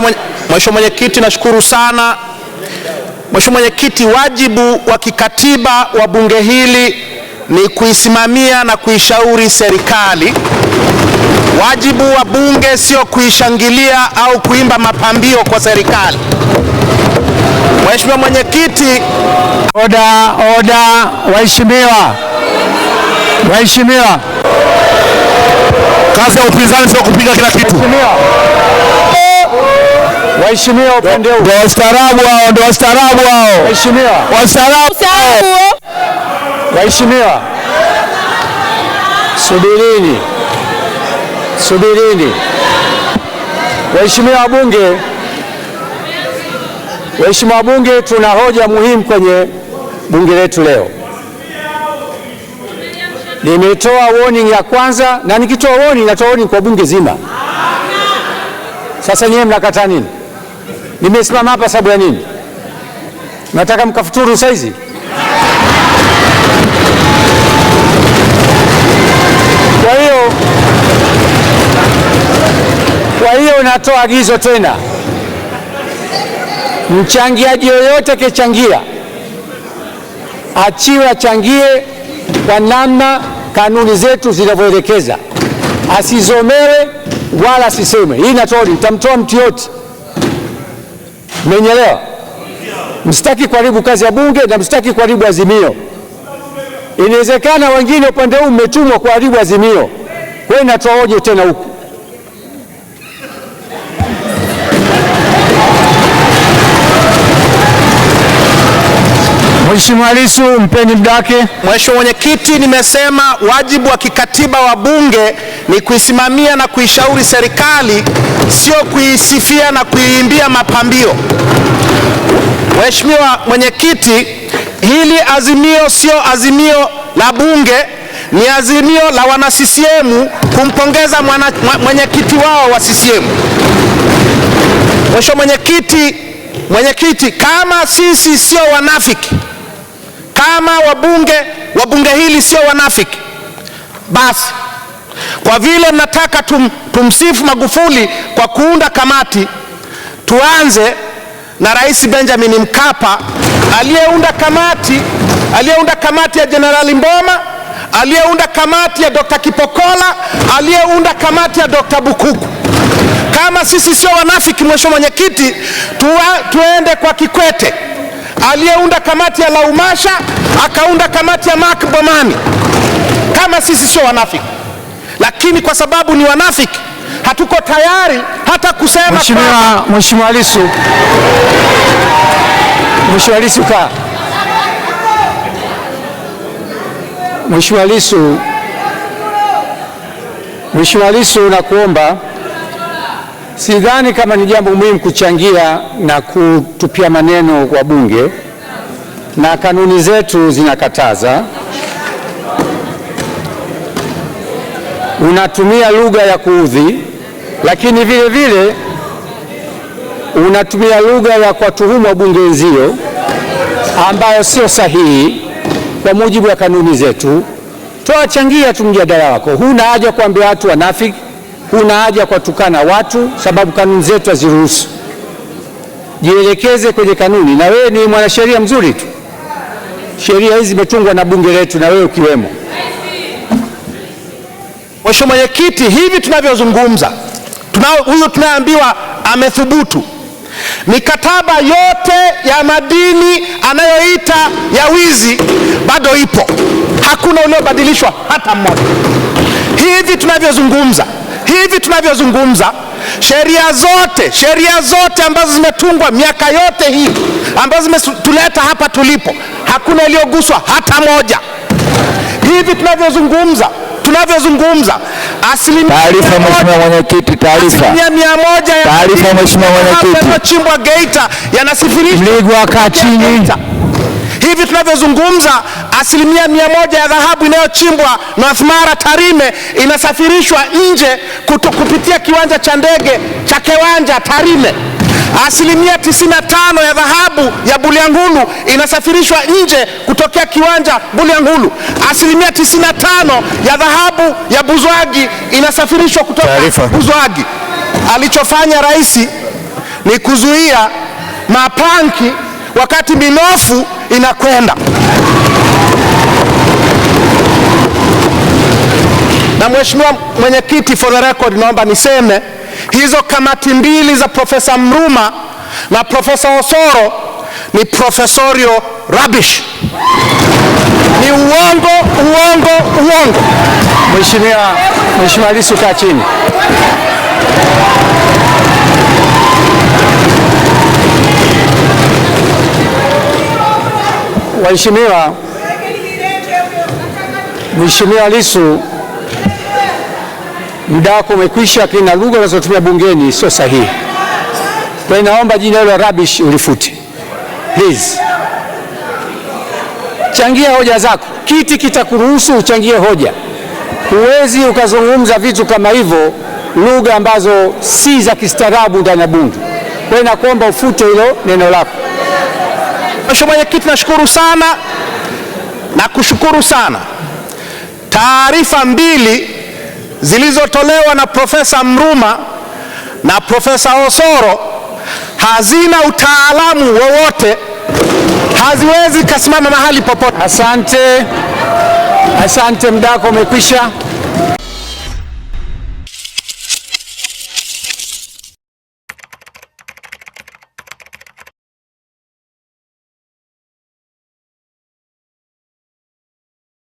Mheshimiwa Mwenyekiti, nashukuru sana. Mheshimiwa Mwenyekiti, wajibu wa kikatiba wa bunge hili ni kuisimamia na kuishauri serikali. Wajibu wa bunge sio kuishangilia au kuimba mapambio kwa serikali. Mheshimiwa Mwenyekiti. Oda, oda, waheshimiwa, waheshimiwa, kazi ya upinzani sio kupiga kila kitu. Waheshimiwa upande huu. Ndio wastaarabu hao, ndio wastaarabu hao. Waheshimiwa. Wastaarabu. Waheshimiwa. Subirini. Subirini. Waheshimiwa wabunge. Waheshimiwa wabunge, tuna hoja muhimu kwenye bunge letu leo. Nimetoa warning ya kwanza na nikitoa warning natoa warning kwa bunge zima. Sasa nyewe mnakataa nini? Nimesimama hapa sababu ya nini? Nataka mkafuturu saizi? Kwa hiyo kwa hiyo natoa agizo tena, mchangiaji yoyote akichangia achiwe achangie kwa namna kanuni zetu zinavyoelekeza, asizomewe wala asisemwe. Hii natoa, nitamtoa mtu yote Mmenielewa? Msitaki kuharibu kazi ya bunge na msitaki kuharibu azimio. Inawezekana wengine upande huu mmetumwa kuharibu azimio, kwa hiyo inatoaje tena huku Mheshimiwa Lissu mpeni muda wake. Mheshimiwa Mwenyekiti, nimesema wajibu wa kikatiba wa bunge ni kuisimamia na kuishauri serikali, sio kuisifia na kuiimbia mapambio. Mheshimiwa Mwenyekiti, hili azimio sio azimio la bunge, ni azimio la wana CCM kumpongeza mwenyekiti wao wa CCM. Mheshimiwa Mwenyekiti, Mwenyekiti, kama sisi sio wanafiki kama wabunge wa bunge hili sio wanafiki, basi kwa vile mnataka tum, tumsifu Magufuli kwa kuunda kamati, tuanze na Rais Benjamin Mkapa aliyeunda kamati, aliyeunda kamati ya Jenerali Mboma, aliyeunda kamati ya Dr. Kipokola, aliyeunda kamati ya Dr. Bukuku. Kama sisi sio wanafiki, mheshimiwa mwenyekiti, tuende kwa Kikwete aliyeunda kamati ya Laumasha akaunda kamati ya Makbomani. Kama sisi sio wanafiki, lakini kwa sababu ni wanafiki hatuko tayari hata kusema. Mheshimiwa, Mheshimiwa Lissu, Mheshimiwa Lissu ka Mheshimiwa Lissu, Mheshimiwa Lissu, nakuomba Sidhani kama ni jambo muhimu kuchangia na kutupia maneno kwa Bunge, na kanuni zetu zinakataza. Unatumia lugha ya kuudhi, lakini vile vile unatumia lugha ya kuwatuhumu wabunge wenzio ambayo sio sahihi kwa mujibu wa kanuni zetu. Toa, changia tu mjadala wako, huna haja kuambia watu wanafiki. Huna haja kwa kuwatukana watu, sababu kanuni zetu haziruhusu. Jielekeze kwenye kanuni, na wewe ni mwanasheria mzuri tu. Sheria hizi zimetungwa na bunge letu, na wewe ukiwemo. Mheshimiwa Mwenyekiti, hivi tunavyozungumza, huyu tunaambiwa amethubutu mikataba yote ya madini anayoita ya wizi bado ipo, hakuna uliobadilishwa hata mmoja. Hivi tunavyozungumza hivi tunavyozungumza, sheria zote sheria zote ambazo zimetungwa miaka yote hii ambazo zimetuleta hapa tulipo, hakuna iliyoguswa hata moja. Hivi tunavyozungumza tunavyozungumza asilimia mia moja yanachimbwa Geita yanasafirishwa Kachini. Hivi tunavyozungumza asilimia mia moja ya dhahabu inayochimbwa North Mara Tarime inasafirishwa nje kupitia kiwanja cha ndege cha Kiwanja Tarime. Asilimia 95 ya dhahabu ya Bulyanhulu inasafirishwa nje kutokea kiwanja Bulyanhulu. Asilimia 95 ya dhahabu ya Buzwagi inasafirishwa kutoka Tarifa. Buzwagi. Alichofanya rais ni kuzuia mapanki wakati minofu inakwenda. Mheshimiwa Mwenyekiti, for the record, naomba niseme hizo kamati mbili za Profesa Mruma na Profesa Osoro ni professorial rubbish, ni uongo, uongo, uongo. Mheshimiwa, Mheshimiwa Lissu kaa chini. Waheshimiwa, Mheshimiwa Lissu muda wako umekwisha, lakini na lugha unazotumia bungeni sio sahihi. Kwa hiyo naomba jina hilo rubbish ulifute please. Changia hoja zako, kiti kitakuruhusu uchangie hoja. Huwezi ukazungumza vitu kama hivyo, lugha ambazo si za kistaarabu ndani ya Bunge. Kwa hiyo nakuomba ufute hilo neno lako. Mheshimiwa Mwenyekiti, nashukuru sana na kushukuru sana taarifa mbili zilizotolewa na Profesa Mruma na Profesa Osoro hazina utaalamu wowote, haziwezi kasimama mahali popote. Asante, asante, mdako umekwisha.